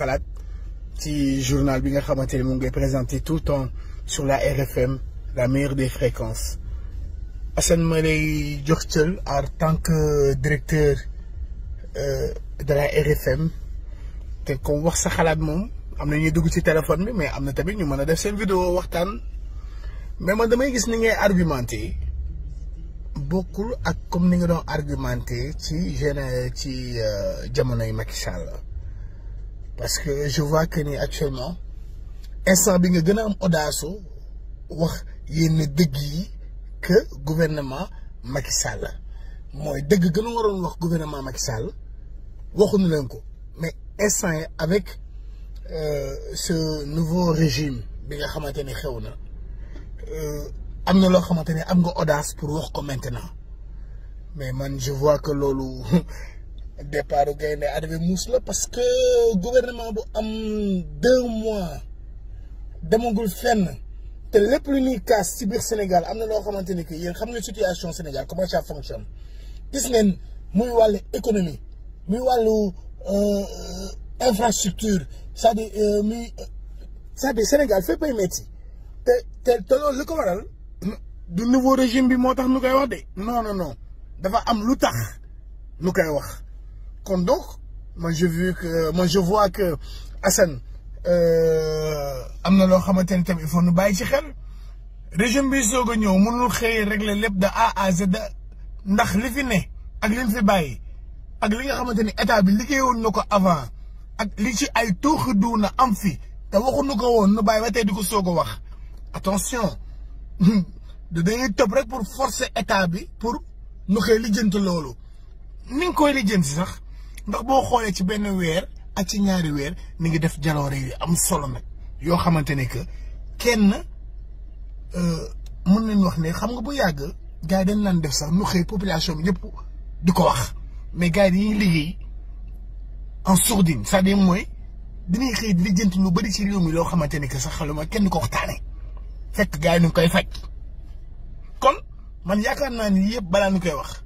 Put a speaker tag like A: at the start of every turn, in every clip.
A: falaat ci journal bi nga xamante ne présenté tout le temps sur la RFM la meilleure des fréquences Assane ma lay en tant que directeur euh, de la RFM tel comme voit sa xalaat moom am na ñuy dugg ci téléphone bi mais am na tamit ñu mën a def vidéo waxtaan mais man damay gis ni ngay argumenter. beaucoup ak comme ni nga doon argumenté ci gén ci euh, Macky Sall parce que je vois que ni actuellement instant bi nga gën am audace wax yenn dëgg yi que gouvernement Macky Sall mooy deug gën a wax gouvernement Macky Sall waxuñu leen ko mais instant avec avec euh, ce nouveau régime bi nga xamanteni xewna euh amna lo xamanteni am nga audace pour wax ko maintenant mais man je vois que lolu départu gaynde arrivé muus parce que gouvernement bu am deux mois demagul fenn te lepp lu ni kaas ci biir Sénégal amna lo loo xamante ni que yéen xam nga situation Sénégal comment ça fonctionne gis ngeen muy wàllu économie muy euh infrastructure Ça, dit dire euh, muy cest Sénégal fait pas métti te te te lo ko waral du nouveau régime bi motax tax koy wax de non non non dafa am lu tax nu koy wax kon donc moi je vu que moi je vois que Hassan, euh, amna lo xamanteni tam tamit il faut nous bay ci xel régime bi soog a mënu mënul régler lépp de A à Z ndax li fi né ak li fi bàyyi ak li nga xamanteni état bi liggéeyoon na ko avant ak li ci ay tooxi duuna am fi te waxuñu ko won nu bay waté diko di wax attention de dañuy tëb rek pour forcer état bi pour nu xëy lijjanti lolu ni nga koy lijjanti sax. ndax boo xoolee ci benn weer ak ci ñaari weer mi ngi def jaloore yi am solo nag yoo xamante ne que kenn euh, mën nañ wax ne xam nga bu yàgg gars dañ naan def sax nu xëy population bi yëpp di ko wax mais gars yi dañuy liggéey en sourdine c'est-à-dire mooy dañuy xëy di lijjanti lu bëri ci réew mi loo xamante ne que sax xaluma kenn ko waxtaanee fekk gars yi ñu koy faj kon man yaakaar naa ni yëpp balaa ñu koy wax.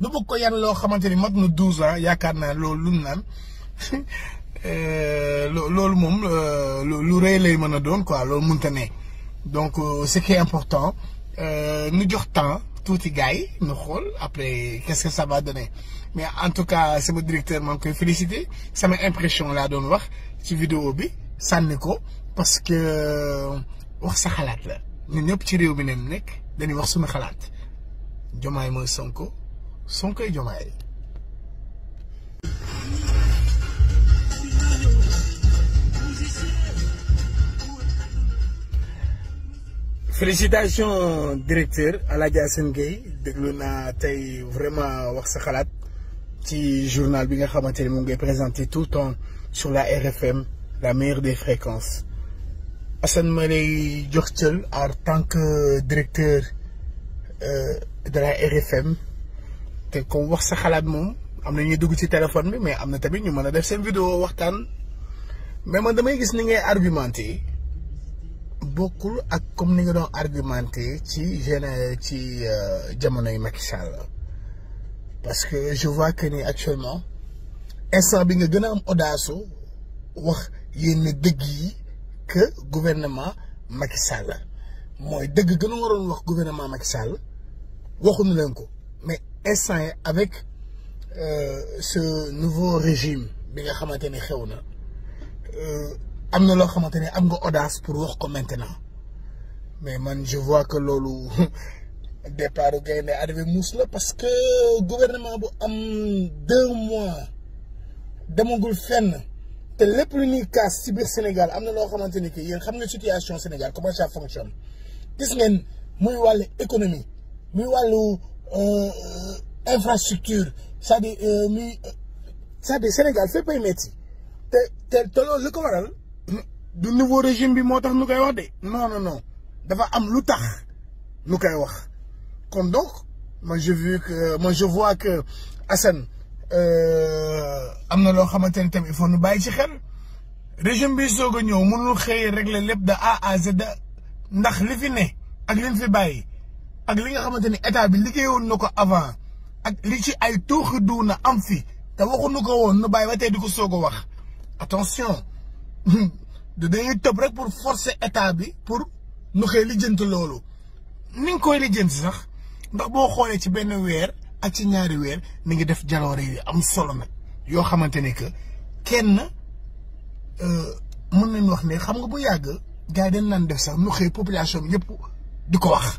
A: lu bëgg yann lo xamanteni xamante mat na 12 ans yakarna naa loolu nan euh naan mom moom euh, lu reey lay meuna a quoi loolu mënta ne donc euh, ce qui est important euh nu jox temps touti gars yi xol après qu'est-ce que ça va donner mais en tout cas sama directeur maa ngi koy féliciter sama impression la doon wax ci vidéo bi sànni ko parce que euh, wax sa xalat la ñun ñëpp ci réew mi ne nekk dañuy wax suñu xalat Diomaye mooy Sonko félicitations directeur à Assane Gueye déglu naa vraiment wax sa xalaat journal bi nga est présenté tout le temps sur la RFM la meilleure des fréquences Hassan ma lay en tant que directeur euh, de la RFM te comme wax sa xalaat moom am na ñuy dugg ci téléphone bi mais am na tamit ñu mën a def seen vidéo waxtaan mais man damay gis ni ngay argumenté bokkul ak comme ni nga doon argumenté ci gene ci euh, jamonoy Macky Sall parce que je vois que ni actuellement instant bi nga gën a am audace wax ne dëgg yi que gouvernement Macky Sall mooy dëgg gën a waroon wax gouvernement Macky Sall waxu waxuñu leen ko mais instant avec euh, ce nouveau régime bi nga xamanteni ne xew na euh, am na am nga audace pour wax ko maintenant mais man je vois que lolu départ gaynde arrivé muus parce que gouvernement bu am deux mois demagul fenn te lepp lu ni kaas ci Sénégal amna lo xamanteni xamante ni que yéen xam nga situation Sénégal comment ça fonctionne gis ngeen muy walé économie muy wàllu infrastructure cest dit, dire muy cest à Sénégal fait pas métti te T'es, te loolu li du nouveau régime bi moo tax nous, koy wax non non non dafa am lu tax nu koy wax donc moi j'ai vu que moi je vois que Assane euh, am na loo xamante ni tamit il faut nous bàyyi ci xel régime bi soog a ñëw mënul régler lépp de A à Z ndax li fi ak li fi bàyyi ak li nga xamante ni état bi liggéeyoon na ko avant ak li ci ay tuuxi na am fi te waxuñu ko woon nu bàyyi ba tey di ko soog a wax attention dañuy tëb rek pour forcer état bi pour nu koy lijjanti loolu ni nga koy lijjanti sax ndax boo xoolee ci benn weer ak ci ñaari weer mi ngi def jaloore yu am solo nag yoo xamante ne que kenn euh, mën nañu wax ne xam nga bu yàgg gars yi dañ naan def sax nu xëy population bi yëpp di ko wax.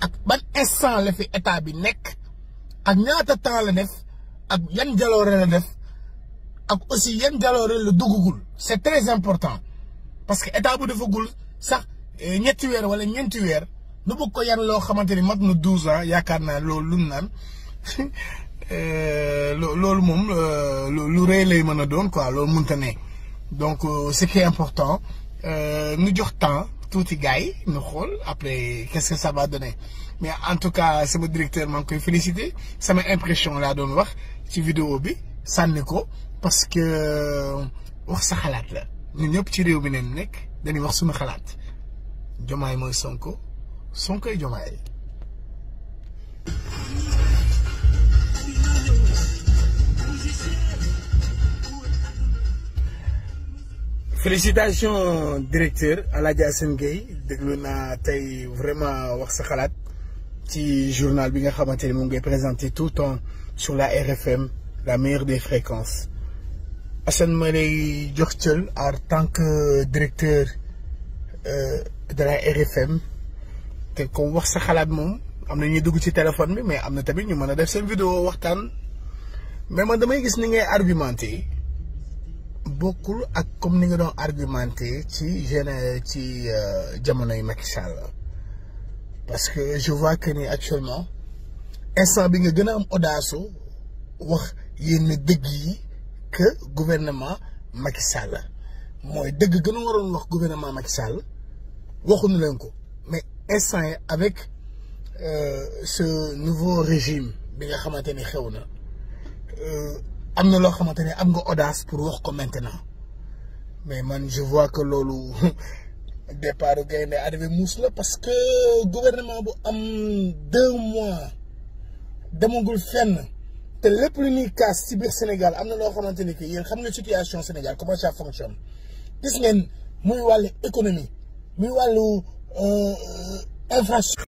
A: ak ban instant la fi état bi nek ak ñaata temps la def ak yan jaloore la def ak aussi yan jaloore la duggagul c'est très important parce que état bu defagul sax eh, ñetti wër wala ñenti wër lu bu ko yan loo xamante ni mat na douze ans yaakaar naa loolu lu euh loolu moom eh, lu rëy lay meuna a doon quoi loolu mënta ne donc euh, ce qui est important euh, nu jox temps. Tout gars yi ñu après qu'est-ce que ça va donner mais en tout cas c'est mon directeur m'a ngi koy m'a impression Tu vis wax ci vidéo bi coûte ko parce que euh, wax sa xalaat la ñun ñëpp ci réew mi neen nekk dañuy wax suma xalaat jomay moy Sonko sonkay jomay félicitations directeur Alaaji Assane Gueye déglu na tey vraiment wax sa xalaat ci journal bi nga xamante ne moom ngay présenté tout le sur la RFM la meilleure des fréquences Assane ma lay jox cël en tant que directeur euh, de la RFM te comme wax sa xalaat moom am na ñuy dugg ci téléphone bi mais am na tamit ñu mën a def seen vidéo waxtaan mais man damay gis ni ngay argumenté beaucoup à comme ni nga doon argumenté ci jeune ci euh, jamono parce que je vois que ni actuellement instant bi nga gën a am audace wax yenn yi que gouvernement Macky Sall mooy dëgg gën a wax gouvernement Macky Sall waxuñu leen ko mais instant avec avec euh, ce nouveau régime bi nga xamante ni xew euh, amna lo loo am nga audace pour wax ko maintenant mais man je vois que lolu départ gaynde arrivé muus parce que gouvernement bu am deux mois demagul fenn te lepp lu ni casse ci bir Sénégal amna lo loo xamante ni que yéen xam nga situation Sénégal comment ça fonctionne gis ngeen muy walé économie muy euh infrastructure